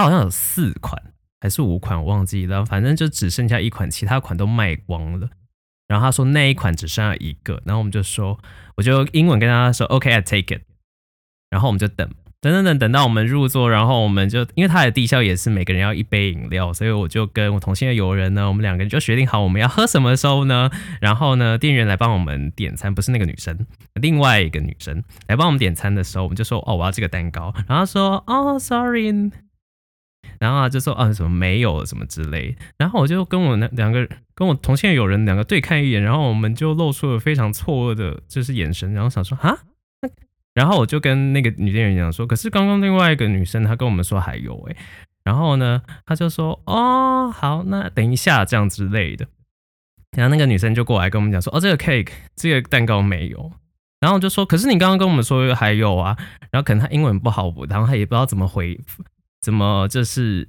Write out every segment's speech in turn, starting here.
他好像有四款還是五款，我忘記了。反正就只剩下一款，其他款都賣光了。然後他說那一款只剩下一個。然後我們就說，我就英文跟他說，OK，I take it。然後我們就等等等等，等到我們入座，然後我們就因為他的低消也是每個人要一杯飲料，所以我就跟我同性的友人呢，我們兩個人就決定好我們要喝什麼的時候呢，然後呢，店員來幫我們點餐，不是那個女生，另外一個女生來幫我們點餐的時候，我們就說，哦，我要這個蛋糕。然後他說，哦，Sorry。然後啊，就說啊，什麼沒有了，什麼之類。然後我就跟我那兩個跟我同性友人兩個對看一眼，然後我們就露出了非常錯愕的，就是眼神。然後想說蛤，然後我就跟那個女店員講說，可是剛剛另外一個女生她跟我們說還有哎、欸，然後呢，她就說哦，好，那等一下這樣之類的。然後那個女生就過來跟我們講說，哦，這個 cake 這個蛋糕沒有。然後我就說，可是你剛剛跟我們說還有啊。然後可能她英文不好，然後她也不知道怎麼回。怎麼就是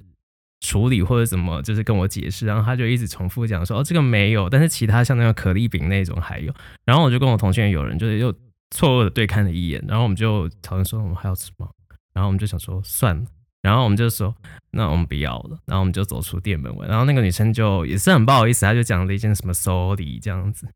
處理或者怎麼就是跟我解釋，然後他就一直重複講說哦，這個沒有，但是其他像那個可麗餅那種還有，然後我就跟我同學友人就是又錯愕的對看了一眼，然後我們就討論說我們還要吃嗎？然後我們就想說算了，然後我們就說那我們不要了，然後我們就走出店門外，然後那個女生就也是很不好意思，她就講了一件什麼 sorry 這樣子。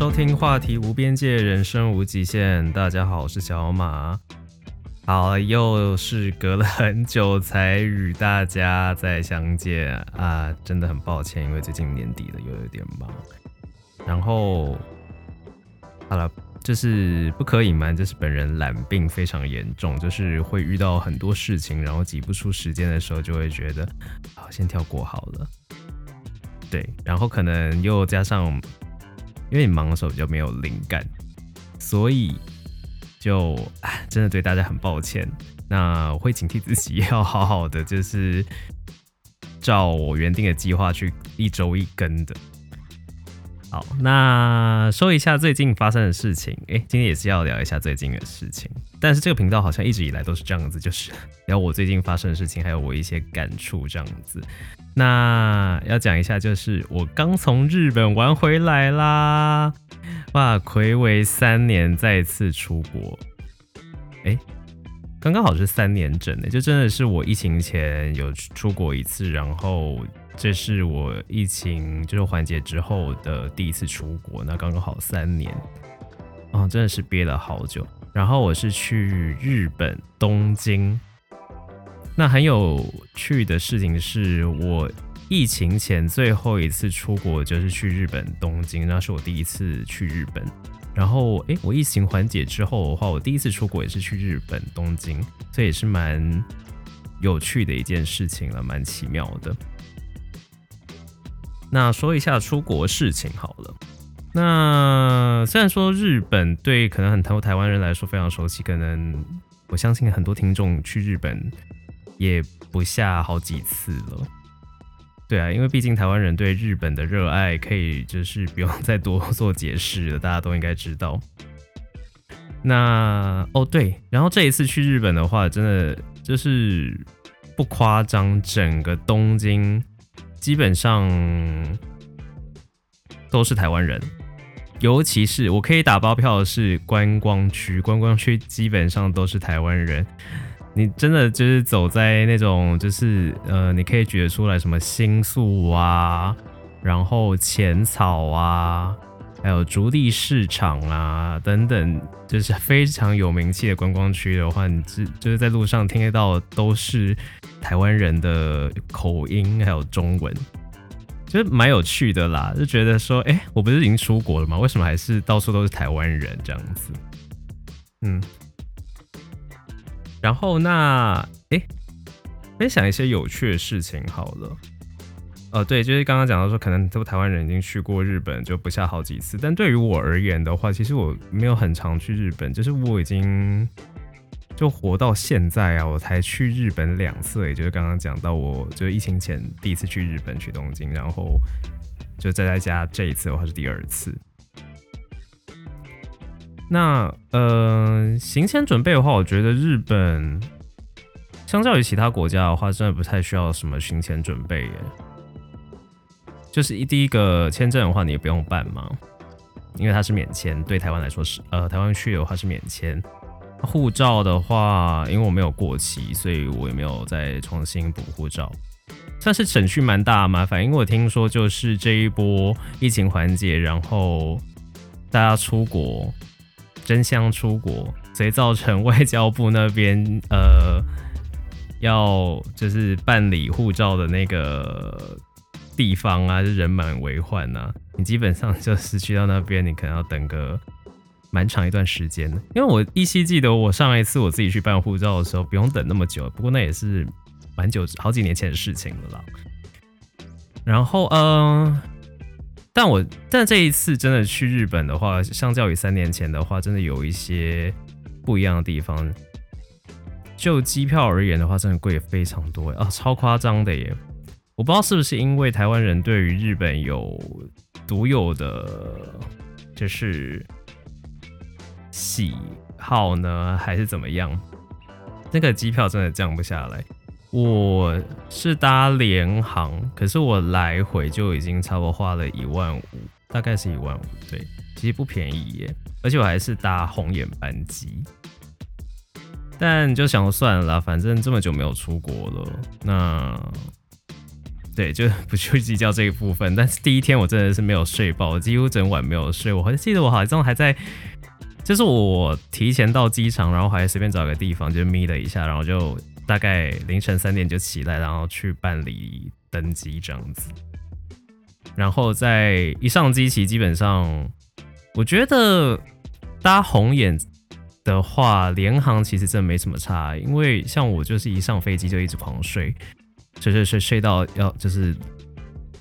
收聽話題無邊界，人生無極限。大家好，我是小馬。好，又是隔了很久才與大家再相見啊，真的很抱歉，因為最近年底了，又有點忙。然後，好了，就是不可隱瞞，就是本人懶病非常嚴重，就是會遇到很多事情，然後擠不出時間的時候，就會覺得，好，先跳過好了。對，然後可能又加上。因為你忙的時候比較沒有靈感，所以就，唉，真的對大家很抱歉。那我會警惕自己，要好好的，就是照我原定的計劃去，一周一更的。好，那說一下最近發生的事情。誒、欸，今天也是要聊一下最近的事情，但是這個頻道好像一直以來都是這樣子，就是聊我最近發生的事情，還有我一些感觸這樣子。那要講一下，就是我剛從日本玩回來啦，哇，睽違三年再次出國，誒、欸。剛剛好是三年整的，就真的是我疫情前有出國一次，然後這是我疫情就是緩解之後的第一次出國，那剛剛好三年，嗯、哦，真的是憋了好久。然後我是去日本東京，那很有趣的事情是我疫情前最後一次出國就是去日本東京，那是我第一次去日本。然後，哎，我疫情緩解之後的話，我第一次出國也是去日本東京，所以也是蠻有趣的一件事情了，蠻奇妙的。那說一下出國事情好了。那雖然說日本對可能很多台灣人來說非常熟悉，可能我相信很多聽眾去日本也不下好幾次了。對啊，因為畢竟台灣人對日本的熱愛，可以就是不用再多做解釋了，大家都應該知道。那哦對，然後這一次去日本的話，真的就是不誇張，整個東京基本上都是台灣人，尤其是我可以打包票的是觀光區，觀光區基本上都是台灣人。你真的就是走在那種，就是呃，你可以覺得出來什麼新宿啊，然後淺草啊，還有築地市場啊等等，就是非常有名氣的觀光區的話，你就就是在路上聽得到都是台灣人的口音，還有中文，就是蠻有趣的啦，就覺得說，哎、欸，我不是已經出國了嗎？為什麼還是到處都是台灣人這樣子？嗯。然後那誒，分享一些有趣的事情好了。呃，對，就是剛剛講到說，可能這台灣人已經去過日本就不下好幾次。但對於我而言的話，其實我沒有很常去日本，就是我已經就活到現在啊，我才去日本兩次。也就是剛剛講到我，我就疫情前第一次去日本去東京，然後就宅在家，這一次的話是第二次。那呃，行前準備的話，我覺得日本相較於其他國家的話，真的不太需要什麼行前準備耶。就是一第一個簽證的話，你也不用辦嘛，因為它是免簽。對台灣來說是，呃，台灣去的話是免簽。護照的話，因為我沒有過期，所以我也沒有再重新補護照。但是省去蠻大的麻煩，因為我聽說就是這一波疫情緩解，然後大家出國。爭相出國，所以造成外交部那邊呃，要就是辦理護照的那個地方啊，就是、人滿為患啊。你基本上就是去到那邊，你可能要等個蠻長一段時間。因為我依稀記得，我上一次我自己去辦護照的時候，不用等那麼久。不過那也是蠻久，好幾年前的事情了啦。然後嗯。呃但我但這一次真的去日本的話，相較於三年前的話，真的有一些不一樣的地方。就機票而言的話，真的貴非常多啊，哦，超誇張的耶！我不知道是不是因為台灣人對於日本有獨有的就是喜好呢，還是怎麼樣？那個機票真的降不下來。我是搭聯航，可是我來回就已經差不多花了一萬五，大概是一萬五，對，其實不便宜耶。而且我還是搭紅眼班機，但就想算了，反正這麼久沒有出國了，那對，就不去計較這一部分。但是第一天我真的是沒有睡飽，我幾乎整晚沒有睡。我還記得我好像還在，就是我提前到機場，然後還隨便找個地方就眯了一下，然後就。大概凌晨三點就起來，然後去辦理登機這樣子，然後在一上機其實基本上，我覺得搭紅眼的話，聯航其實真沒什麼差，因為像我就是一上飛機就一直狂睡，睡睡睡睡到要就是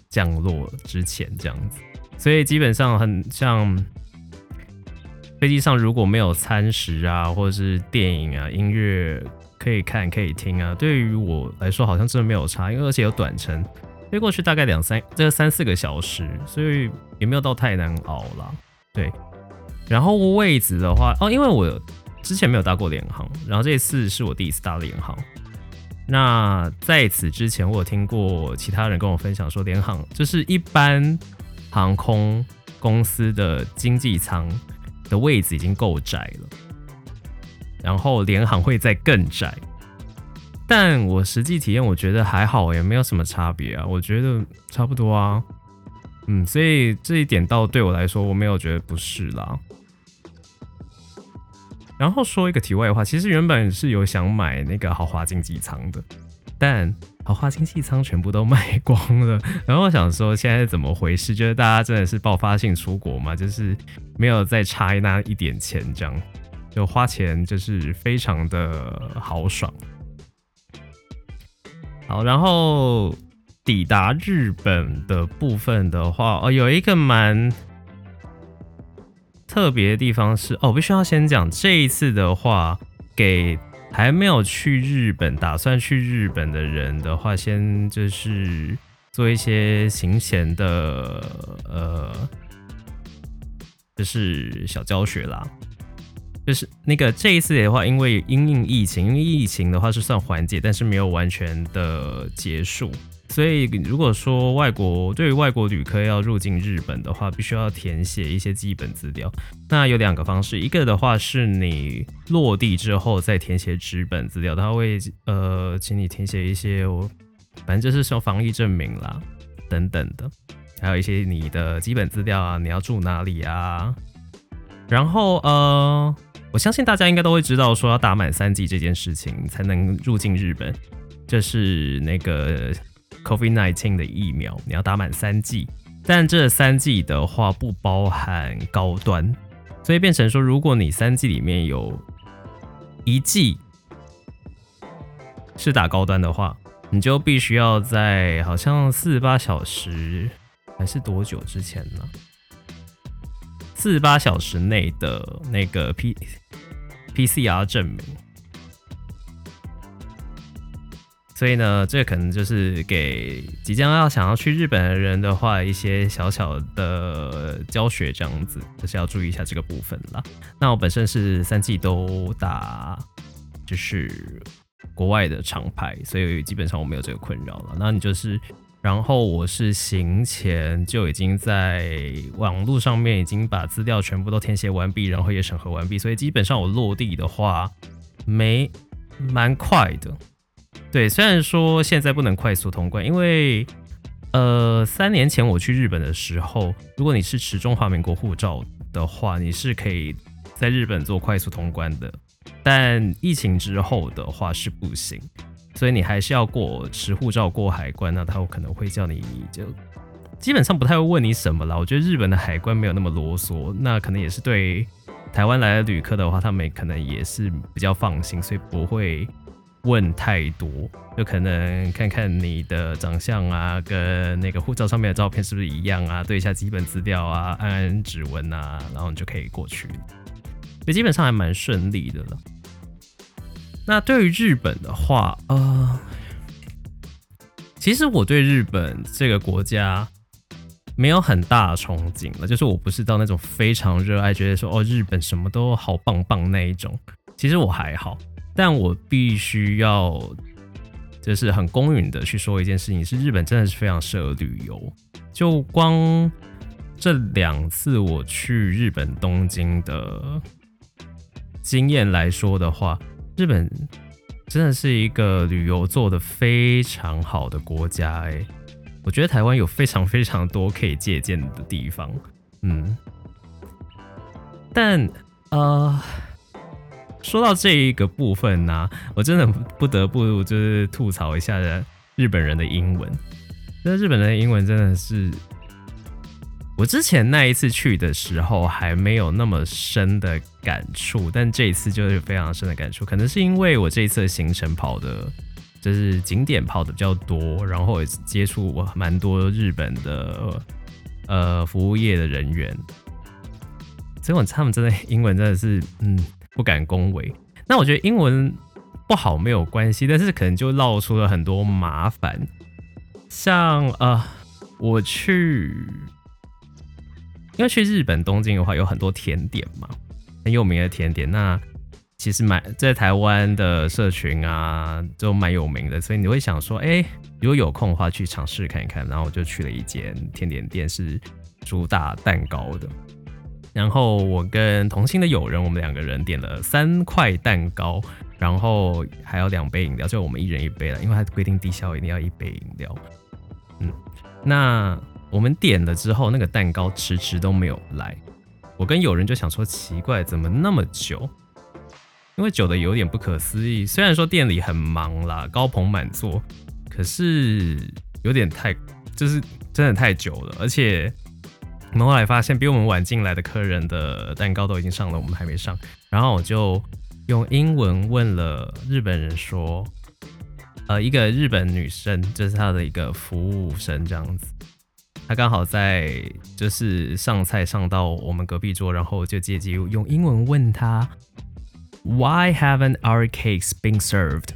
降落之前這樣子，所以基本上很像飛機上如果沒有餐食啊，或者是電影啊、音樂。可以看可以聽啊，對於我來說好像真的沒有差，因為而且有短程，飛過去大概兩三這三四個小時，所以也沒有到太難熬了。對，然後位置的話，哦，因為我之前沒有搭過聯航，然後這次是我第一次搭聯航。那在此之前，我有聽過其他人跟我分享說，聯航就是一般航空公司的經濟艙的位置已經夠窄了。然後聯航會再更窄，但我實際體驗，我覺得還好，也沒有什麼差別啊，我覺得差不多啊，嗯，所以這一點倒對我來說我沒有覺得不適啦。然後說一個題外話，其實原本是有想買那個豪華經濟艙的，但豪華經濟艙全部都賣光了。然後我想說，現在是怎麼回事，就是大家真的是爆發性出國嘛，就是沒有再差那一點錢這樣。就花錢就是非常的豪爽。好，然後抵達日本的部分的話，哦，有一個蠻特別的地方是，哦，必須要先講，這一次的話，給還沒有去日本、打算去日本的人的話，先就是做一些行前的，呃，就是小教學啦。就是那個這一次的話，因為因應疫情，因為疫情的話是算緩解，但是沒有完全的結束。所以如果說外國對於外國旅客要入境日本的話，必須要填寫一些基本資料。那有兩個方式，一個的話是你落地之後再填寫紙本資料，他會呃，請你填寫一些，反正就是像防疫證明啦等等的，還有一些你的基本資料啊，你要住哪裡啊，然後呃。我相信大家應該都會知道，說要打滿三劑這件事情才能入境日本，這、就是那個 COVID-19 的疫苗，你要打滿三劑。但這三劑的話不包含高端，所以變成說，如果你三劑裡面有，一劑，是打高端的話，你就必須要在好像四十八小時還是多久之前呢、啊？四十八小時內的那個 P P C R 證明，所以呢，這個、可能就是給即將要想要去日本的人的話，一些小小的教學這樣子，就是要注意一下這個部分了。那我本身是三季都打，就是國外的廠牌，所以基本上我沒有這個困擾了。那你就是。然後我是行前就已經在網絡上面已經把資料全部都填寫完畢，然後也審核完畢，所以基本上我落地的話，沒蠻快的。對，雖然說現在不能快速通關，因為呃，三年前我去日本的時候，如果你是持中華民國護照的話，你是可以在日本做快速通關的，但疫情之後的話是不行。所以你還是要過持護照過海關，那他有可能會叫你就基本上不太會問你什麼啦。我覺得日本的海關沒有那麼囉嗦，那可能也是對台灣來的旅客的話，他們可能也是比較放心，所以不會問太多，就可能看看你的長相啊，跟那個護照上面的照片是不是一樣啊，對一下基本資料啊，按按指紋啊，然後你就可以過去，所以基本上還蠻順利的了。那對於日本的話，呃，其實我對日本這個國家沒有很大的憧憬了，就是我不是到那種非常熱愛，覺得說哦，日本什麼都好棒棒那一種。其實我還好，但我必須要，就是很公允的去說一件事情，是日本真的是非常適合旅遊。就光這兩次我去日本東京的經驗來說的話。日本真的是一個旅遊做得非常好的國家哎、欸，我覺得台灣有非常非常多可以借鑑的地方，嗯，但呃，說到這一個部分呢、啊，我真的不得不就是吐槽一下日本人的英文，那日本人的英文真的是。我之前那一次去的時候還沒有那麼深的感觸，但這一次就是非常深的感觸。可能是因為我這一次行程跑得，就是景點跑得比較多，然後也接觸蠻多日本的呃服務業的人員。結果他們真的英文真的是，嗯，不敢恭維。那我覺得英文不好沒有關係，但是可能就鬧出了很多麻煩。像呃，我去。因為去日本東京的話，有很多甜點嘛，很有名的甜點。那其實蠻在台灣的社群啊，就蠻有名的，所以你會想說，誒、欸，如果有空的話，去嘗試看一看。然後我就去了一間甜點店，是主打蛋糕的。然後我跟同行的友人，我們兩個人點了三塊蛋糕，然後還有兩杯飲料，就我們一人一杯了，因為它規定低消一定要一杯飲料。嗯，那。我們點了之後，那個蛋糕遲遲都沒有來。我跟友人就想說奇怪，怎麼那麼久？因為久的有點不可思議。雖然說店裡很忙啦，高朋滿座，可是有點太就是真的太久了。而且我們後,後來發現，比我們晚進來的客人的蛋糕都已經上了，我們還沒上。然後我就用英文問了日本人說，呃，一個日本女生，這、就是她的一個服務生，這樣子。他剛好在就是上菜上到我們隔壁桌，然後就借機用英文問他，Why haven't our cakes been served？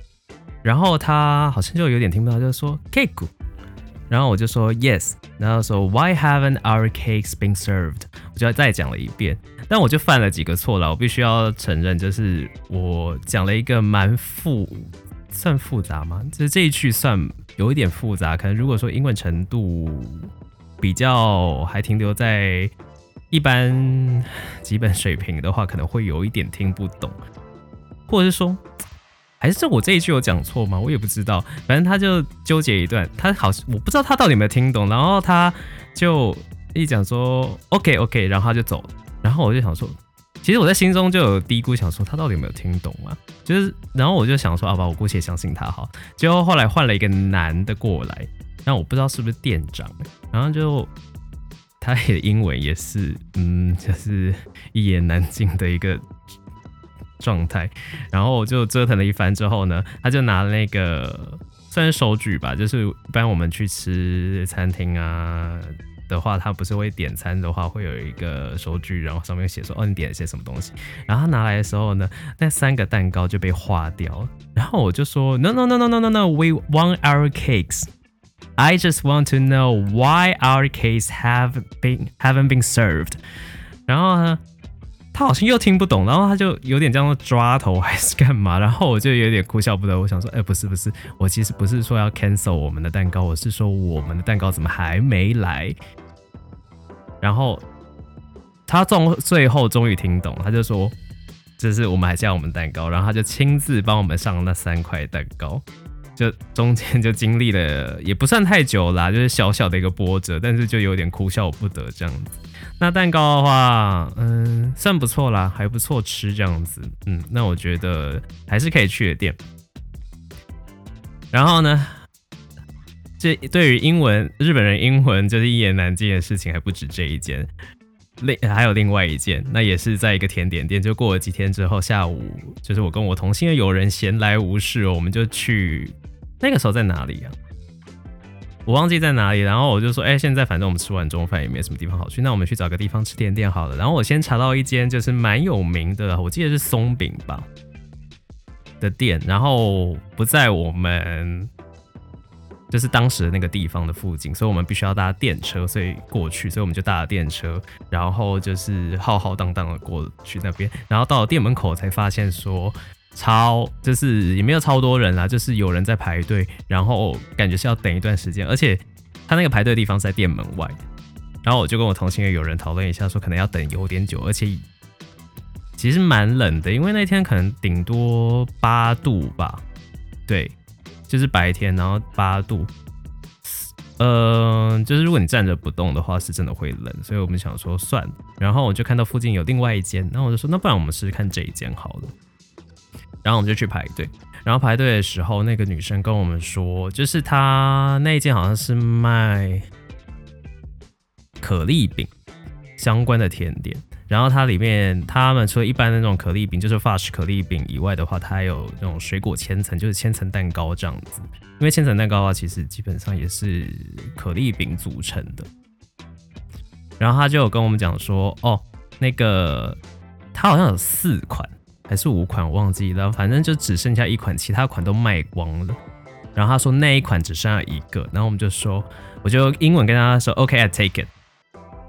然後他好像就有點聽不到，就說 cake。Caiku. 然後我就說 yes，然後說 Why haven't our cakes been served？我就要再講了一遍，但我就犯了幾個錯了，我必須要承認，就是我講了一個蠻複，算複雜嗎？就是這一句算有一點複雜，可能如果說英文程度。比較還停留在一般基本水平的話，可能會有一點聽不懂，或者是說，還是我這一句有講錯嗎？我也不知道，反正他就糾結一段，他好，我不知道他到底有沒有聽懂，然後他就一講說，OK OK，然後他就走了，然後我就想說，其實我在心中就有嘀咕，想說他到底有沒有聽懂啊？就是，然後我就想說，啊，我姑且相信他哈，結果後來換了一個男的過來。但我不知道是不是店長，然後就他的英文也是，嗯，就是一言難盡的一個狀態。然後我就折騰了一番之後呢，他就拿了那個算是收據吧，就是一般我們去吃餐廳啊的話，他不是會點餐的話會有一個收據，然後上面寫說哦你點了些什麼東西。然後他拿來的時候呢，那三個蛋糕就被劃掉。然後我就說 no, no No No No No No We want our cakes。I just want to know why our case have been haven't been served。然後呢，他好像又聽不懂，然後他就有點這樣抓頭還是幹嘛，然後我就有點哭笑不得。我想說，哎，不是不是，我其實不是說要 cancel 我們的蛋糕，我是說我們的蛋糕怎麼還沒來？然後他終最後終於聽懂，他就說，這、就是我們還是要我們蛋糕，然後他就親自幫我們上那三塊蛋糕。就中間就經歷了，也不算太久了，啊，就是小小的一個波折，但是就有點哭笑不得這樣子。那蛋糕的話，嗯，算不錯啦，還不錯吃這樣子，嗯，那我覺得還是可以去的店。然後呢，這對於英文日本人英文就是一言難盡的事情還不止這一件，另還有另外一件，那也是在一個甜點店，就過了幾天之後下午，就是我跟我同行的友人閒來無事，我們就去。那個時候在哪裡呀、啊？我忘記在哪裡。然後我就說：“哎、欸，現在反正我們吃完中飯也沒什麼地方好去，那我們去找個地方吃甜點好了。”然後我先查到一間就是蠻有名的，我記得是鬆餅吧的店，然後不在我們就是當時的那個地方的附近，所以我們必須要搭電車，所以過去。所以我們就搭了電車，然後就是浩浩蕩蕩的過去那邊。然後到了店門口才發現說。超就是也沒有超多人啦，就是有人在排隊，然後、哦、感覺是要等一段時間，而且他那個排隊的地方在店門外。然後我就跟我同行友人討論一下，說可能要等有點久，而且其實蠻冷的，因為那天可能頂多八度吧。對，就是白天，然後八度，嗯、呃、就是如果你站着不動的話，是真的會冷。所以我們想說算了，然後我就看到附近有另外一間，然後我就說那不然我們試試看這一間好了。然後我們就去排隊，然後排隊的時候，那個女生跟我們說，就是她那間好像是賣可麗餅相關的甜點，然後它裡面他們除了一般的那種可麗餅，就是法式可麗餅以外的話，它還有那種水果千層，就是千層蛋糕這樣子。因為千層蛋糕的話，其實基本上也是可麗餅組成的。然後她就有跟我們講說，哦，那個它好像有四款。還是五款，我忘記了，反正就只剩下一款，其他款都賣光了。然後他說那一款只剩下一個，然後我們就說，我就英文跟他說，OK, I take it。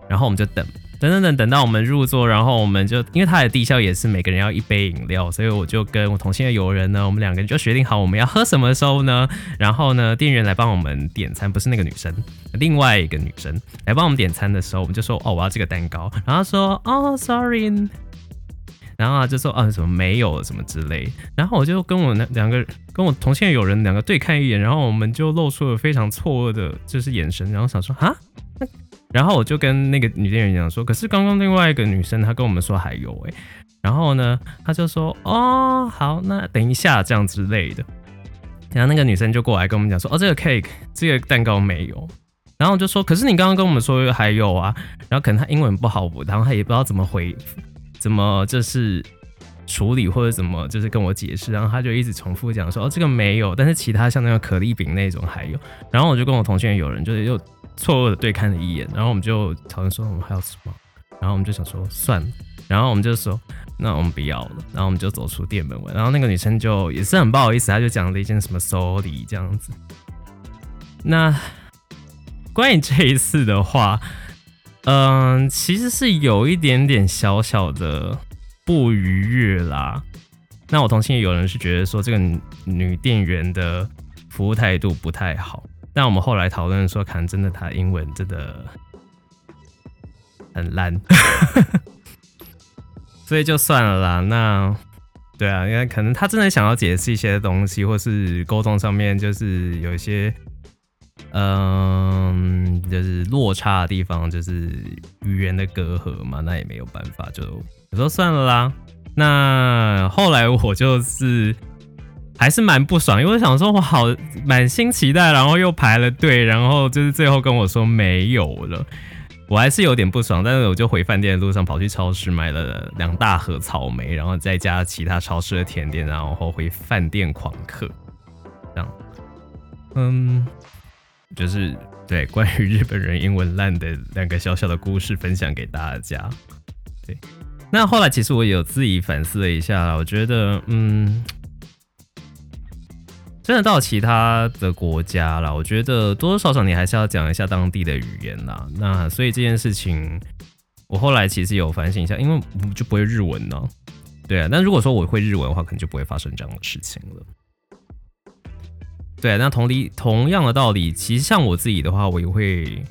然後我們就等等等等，等到我們入座，然後我們就因為他的低消也是每個人要一杯飲料，所以我就跟我同行的友人呢，我們兩個人就決定好我們要喝什麼時候呢，然後呢，店員來幫我們點餐，不是那個女生，另外一個女生來幫我們點餐的時候，我們就說哦，我要這個蛋糕，然後他說哦、oh, sorry。然後他就說啊，什麼沒有什麼之類。然後我就跟我那兩個，跟我同性友人兩個對看一眼，然後我們就露出了非常錯愕的，就是眼神。然後想說啊、嗯，然後我就跟那個女店員講說，可是剛剛另外一個女生她跟我們說還有哎、欸。然後呢，她就說哦，好，那等一下這樣之類的。然後那個女生就過來跟我們講說，哦，這個 cake 這個蛋糕沒有。然後我就說，可是你剛剛跟我們說還有啊。然後可能她英文不好，然後她也不知道怎麼回。怎麼就是處理或者怎麼就是跟我解釋，然後他就一直重複講說，哦，這個沒有，但是其他像那個可麗餅那種還有，然後我就跟我同學友人就是又錯愕的對看了一眼，然後我們就討論說我們還有什麼，然後我們就想說算了，然後我們就說，那我們不要了，然後我們就走出店門外，然後那個女生就也是很不好意思，她就講了一件什麼 sorry 這樣子。那關於這一次的話。嗯，其實是有一點點小小的不愉悅啦。那我同情也有人是覺得說這個女店員的服務態度不太好。但我們後來討論說，可能真的她的英文真的很爛， 所以就算了啦。那對啊，因為可能她真的想要解釋一些東西，或是溝通上面就是有一些。嗯，就是落差的地方，就是語言的隔閡嘛，那也沒有辦法，就我說算了啦。那後來我就是還是蠻不爽，因為我想說我好滿心期待，然後又排了隊，然後就是最後跟我說沒有了，我還是有點不爽。但是我就回飯店的路上跑去超市買了兩大盒草莓，然後再加其他超市的甜點，然後回飯店狂嗑，這樣，嗯。就是對，關於日本人英文爛的兩個小小的故事分享給大家。對，那後來其實我也有自己反思了一下，我覺得嗯，真的到其他的國家啦，我覺得多多少少你還是要講一下當地的語言啦。那所以這件事情，我後來其實有反省一下，因為我就不會日文呢。對啊，但如果說我會日文的話，可能就不會發生這樣的事情了。對，那同理，同樣的道理，其實像我自己的話，我也會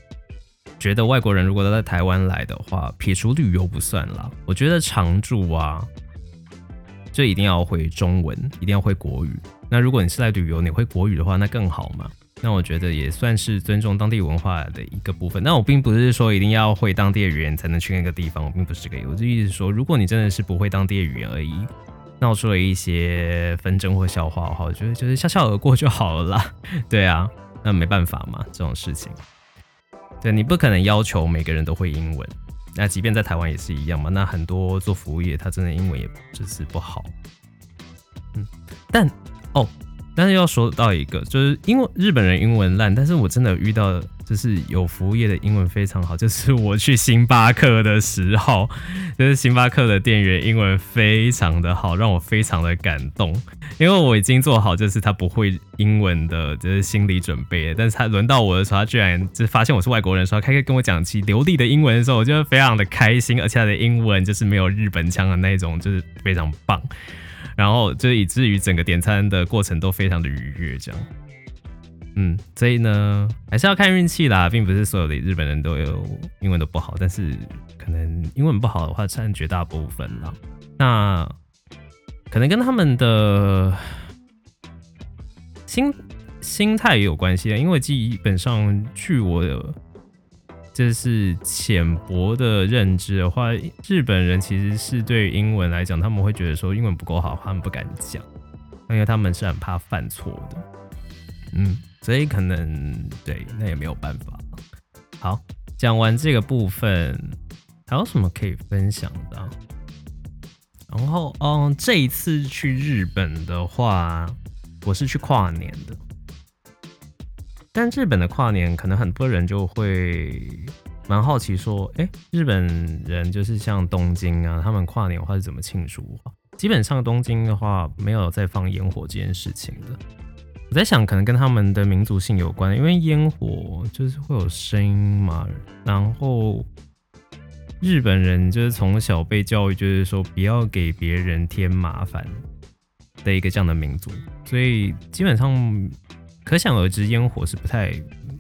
覺得外國人如果在台灣來的話，撇除旅遊不算了，我覺得常住啊，這一定要會中文，一定要會國語。那如果你是來旅遊，你會國語的話，那更好嘛。那我覺得也算是尊重當地文化的一個部分。那我並不是說一定要會當地的語言才能去那個地方，我並不是這個意思。我的意思是說，如果你真的是不會當地的語言而已。鬧出了一些紛爭或笑話的話，我覺得就是笑笑而過就好了啦。對啊，那沒辦法嘛，這種事情。對，你不可能要求每個人都會英文，那即便在台灣也是一樣嘛。那很多做服務業，他真的英文也就是不好。嗯，但哦。但是要說到一個，就是因為日本人英文爛，但是我真的遇到的就是有服務業的英文非常好。就是我去星巴克的時候，就是星巴克的店員英文非常的好，讓我非常的感動。因為我已經做好就是他不會英文的，就是心理準備了。但是他輪到我的時候，他居然就發現我是外國人的時候，他開始跟我講起流利的英文的時候，我覺得非常的開心。而且他的英文就是沒有日本腔的那種，就是非常棒。然後就以至於整個點餐的過程都非常的愉悅，這樣，嗯，所以呢，還是要看運氣啦，並不是所有的日本人都有英文都不好，但是可能英文不好的話占絕大部分了。那可能跟他們的心心態也有關係啊，因為基本上據我。這、就是淺薄的認知的話，日本人其實是對英文來講，他們會覺得說英文不夠好，他們不敢講，因為他們是很怕犯錯的。嗯，所以可能對，那也沒有辦法。好，講完這個部分，還有什麼可以分享的、啊？然後，嗯，這一次去日本的話，我是去跨年的。但日本的跨年可能很多人就會蠻好奇，說，誒、欸，日本人就是像東京啊，他們跨年的話是怎麼慶祝啊？基本上東京的話沒有在放煙火這件事情的。我在想，可能跟他們的民族性有關，因為煙火就是會有聲音嘛。然後日本人就是從小被教育，就是說不要給別人添麻煩的一個這樣的民族，所以基本上。可想而知，煙火是不太，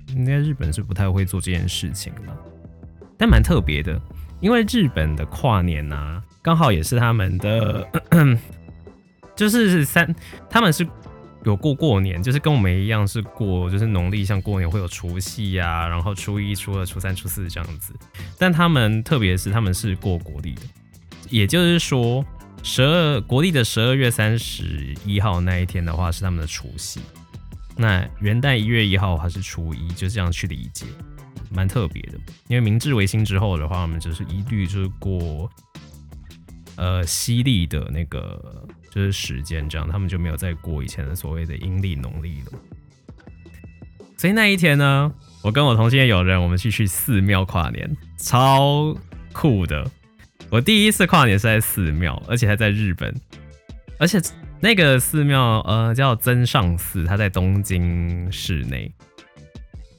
應該日本是不太會做這件事情了。但蠻特別的，因為日本的跨年啊，剛好也是他們的咳咳，就是三，他們是有過過年，就是跟我們一樣是過，就是農曆像過年會有除夕呀，啊，然後初一、初二、初三、初四這樣子。但他們特別是他們是過國曆的，也就是說十二國曆的十二月三十一號那一天的話，是他們的除夕。那元旦一月一號還是初一，就是、這樣去理解，蠻特別的。因為明治維新之後的話，我們就是一律就是過呃西曆的那個就是時間，這樣他們就沒有再過以前的所謂的陰曆農曆了。所以那一天呢，我跟我同性戀友人，我們去去寺廟跨年，超酷的。我第一次跨年是在寺廟，而且還在日本，而且。那個寺廟，呃，叫增上寺，它在東京市內。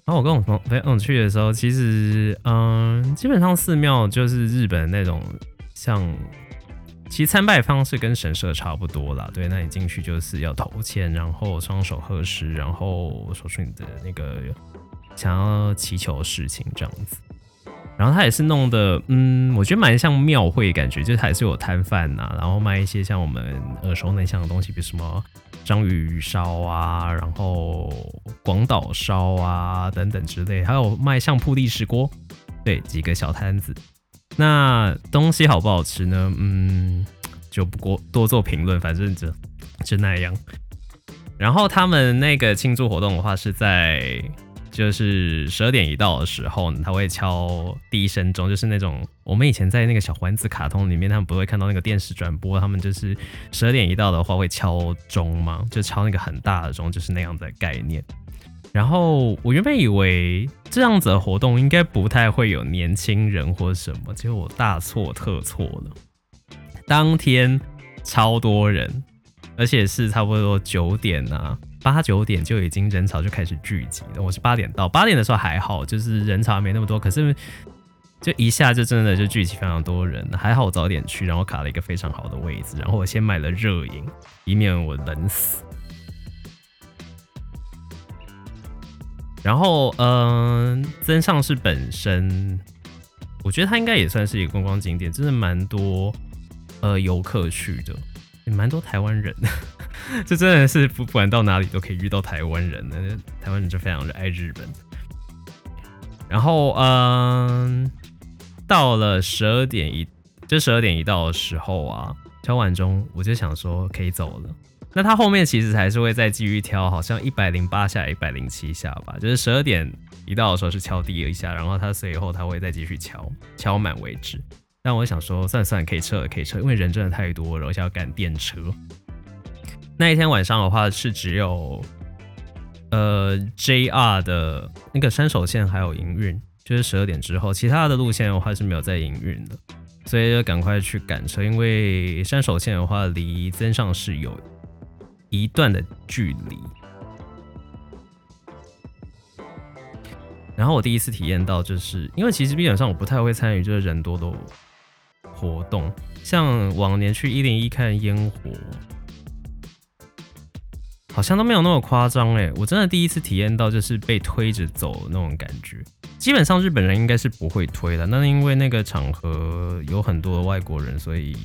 然後，啊我跟我朋，跟我去的時候，其實，嗯、呃，基本上寺廟就是日本那種像，像其實參拜方式跟神社差不多啦。對，那你進去就是要投錢，然後雙手合十，然後說出你的那個想要祈求的事情這樣子。然後他也是弄的，嗯，我覺得蠻像廟會感覺，就是還是有攤販吶、啊，然後賣一些像我們耳熟能詳的東西，比如什麼章魚燒啊，然後廣島燒啊等等之類，還有賣相撲力士鍋。對，幾個小攤子。那東西好不好吃呢？嗯，就不過多做評論，反正就就那樣。然後他們那個慶祝活動的話是在。就是十二點一到的時候呢，他會敲第一聲鐘，就是那種我們以前在那個小丸子卡通裡面，他們不會看到那個電視轉播，他們就是十二點一到的話會敲鐘嗎？就敲那個很大的鐘，就是那樣的概念。然後我原本以為這樣子的活動應該不太會有年輕人或者什麼，結果我大錯特錯了，當天超多人，而且是差不多九點啊。八九點就已經人潮就開始聚集了。我是八點到，八點的時候還好，就是人潮沒那麼多。可是就一下就真的就聚集非常多人。還好我早點去，然後卡了一個非常好的位置。然後我先買了熱飲，以免我冷死。然後，嗯、呃，增上寺本身，我覺得它應該也算是一個觀光景點，真的蠻多呃遊客去的。也、欸、蠻多台灣人的，這 真的是不管到哪裡都可以遇到台灣人的台灣人就非常熱愛日本。然後，嗯，到了十二點一，就十二點一到的時候啊，敲完鐘我就想說可以走了。那他後面其實還是會再繼續敲，好像一百零八下、一百零七下吧。就是十二點一到的時候是敲第一下，然後他隨後他會再繼續敲，敲滿為止。但我想說，算了算了，可以撤了，可以撤，因為人真的太多了，然後想要趕電車。那一天晚上的話是只有，呃，JR 的那個山手線還有營運，就是十二點之後，其他的路線的話是沒有在營運的，所以就趕快去趕車，因為山手線的話離增上寺是有一段的距離。然後我第一次體驗到，就是因為其實基本上我不太會參與，就是人多的。活動像往年去一零一看煙火，好像都沒有那麼誇張哎！我真的第一次體驗到，就是被推着走的那種感覺。基本上日本人應該是不會推的，那因為那個場合有很多的外國人，所以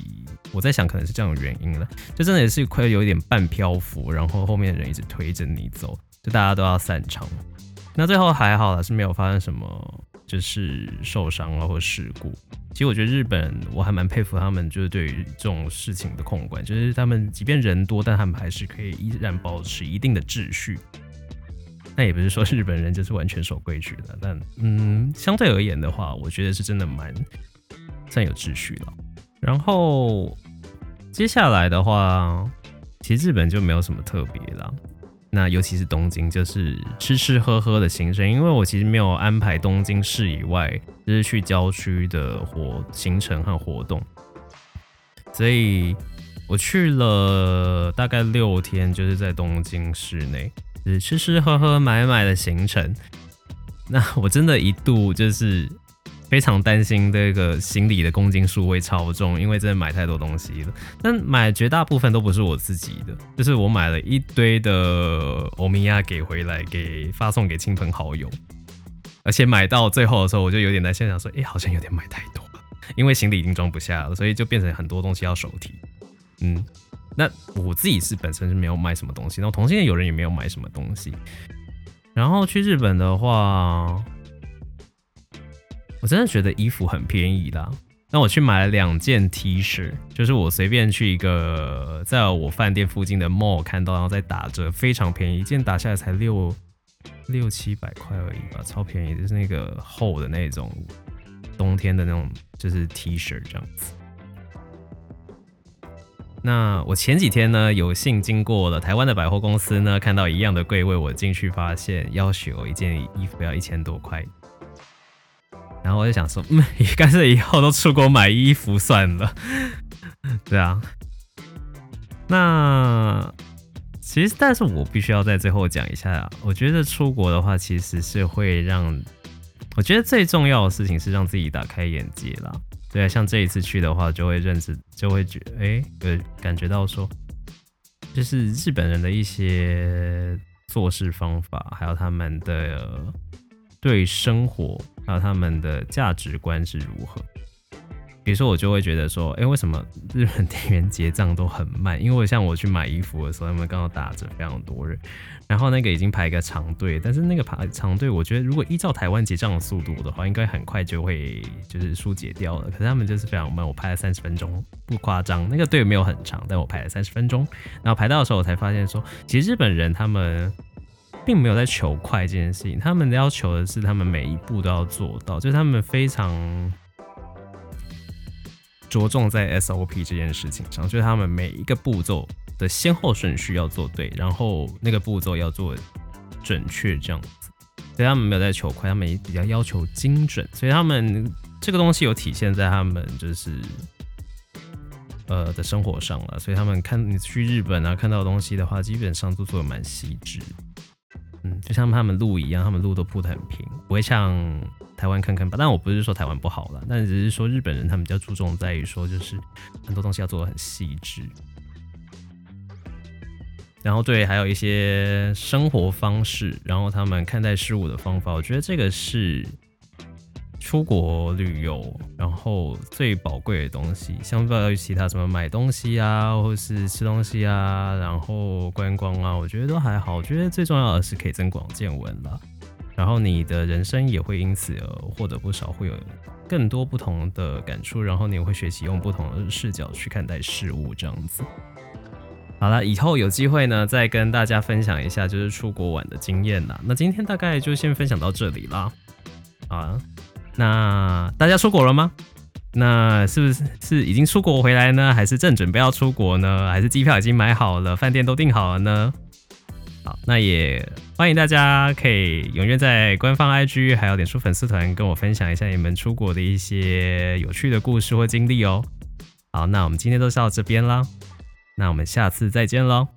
我在想可能是這樣的原因了。就真的也是會有一點半漂浮，然後後面的人一直推着你走，就大家都要散場。那最後還好啦，是沒有發生什麼。就是受傷了或事故。其實我覺得日本我還蠻佩服他們，就是對於這種事情的控管，就是他們即便人多，但他們還是可以依然保持一定的秩序。那也不是說日本人就是完全守規矩的，但嗯，相對而言的話，我覺得是真的蠻算有秩序了。然後接下來的話，其實日本就沒有什麼特別了。那尤其是東京，就是吃吃喝喝的行程，因為我其實沒有安排東京市以外，就是去郊區的活行程和活動，所以我去了大概六天，就是在東京市內，就是吃吃喝喝買買的行程。那我真的一度就是。非常擔心這個行李的公斤數會超重，因為真的買太多東西了。但買絕大部分都不是我自己的，就是我買了一堆的歐米亞給回來，給發送給親朋好友。而且買到最後的時候，我就有點在心想說：“哎、欸，好像有點買太多了，因為行李已經裝不下了，所以就變成很多東西要手提。”嗯，那我自己是本身是沒有買什麼東西，那同性戀友人也沒有買什麼東西。然後去日本的話。我真的覺得衣服很便宜啦，那我去買了兩件 T 恤，就是我隨便去一個在我飯店附近的 mall 看到，然後在打折，非常便宜，一件打下來才六六七百塊而已吧，超便宜。就是那個厚的那種，冬天的那種，就是 T 恤這樣子。那我前幾天呢，有幸經過了台灣的百貨公司呢，看到一樣的櫃位，我進去發現要選我一件衣服要一千多塊。然後我就想說，嗯，幹脆以後都出國買衣服算了。 對啊，那其實，但是我必須要在最後講一下啊，我覺得出國的話，其實是會讓，我覺得最重要的事情是讓自己打開眼界啦。對啊，像這一次去的話，就會認識，就會覺得，哎、欸，感覺到說，就是日本人的一些做事方法，還有他們的。呃對生活，還有他們的價值觀是如何？比如說，我就會覺得說，誒、欸，為什麼日本店員結賬都很慢？因為像我去買衣服的時候，他們剛好打折，非常多人，然後那個已經排個長隊。但是那個排長隊，我覺得如果依照台灣結賬的速度的話，應該很快就會就是疏解掉了。可是他們就是非常慢，我排了三十分鐘，不誇張，那個隊沒有很長，但我排了三十分鐘。然後排到的時候，我才發現說，其實日本人他們。並沒有在求快這件事情，他們要求的是他們每一步都要做到，就是他們非常着重在 SOP 這件事情上，就他們每一個步驟的先後順序要做對，然後那個步驟要做準確這樣子，所以他們沒有在求快，他們也比較要求精準，所以他們這個東西有體現在他們就是呃的生活上了，所以他們看你去日本啊，看到的東西的話，基本上都做的蠻細緻。就像他們路一樣，他們路都鋪得很平，不會像台灣坑坑疤疤，但我不是說台灣不好了，但只是說日本人他們比較注重在於說，就是很多東西要做得很細緻。然後對，還有一些生活方式，然後他們看待事物的方法，我覺得這個是。出國旅遊，然後最寶貴的東西，相較於其他什麼買東西啊，或是吃東西啊，然後觀光啊，我覺得都還好。我覺得最重要的是可以增廣見聞啦，然後你的人生也會因此而獲得不少，會有更多不同的感觸，然後你也會學習用不同的視角去看待事物，這樣子。好了，以後有機會呢，再跟大家分享一下就是出國玩的經驗啦。那今天大概就先分享到這裡啦，啊。那大家出國了嗎？那是不是是已經出國回來呢？還是正準備要出國呢？還是機票已經買好了，飯店都訂好了呢？好，那也歡迎大家可以踴躍在官方 IG 還有臉書粉絲團跟我分享一下你們出國的一些有趣的故事或經歷哦、喔。好，那我們今天就到這邊啦，那我們下次再見嘍。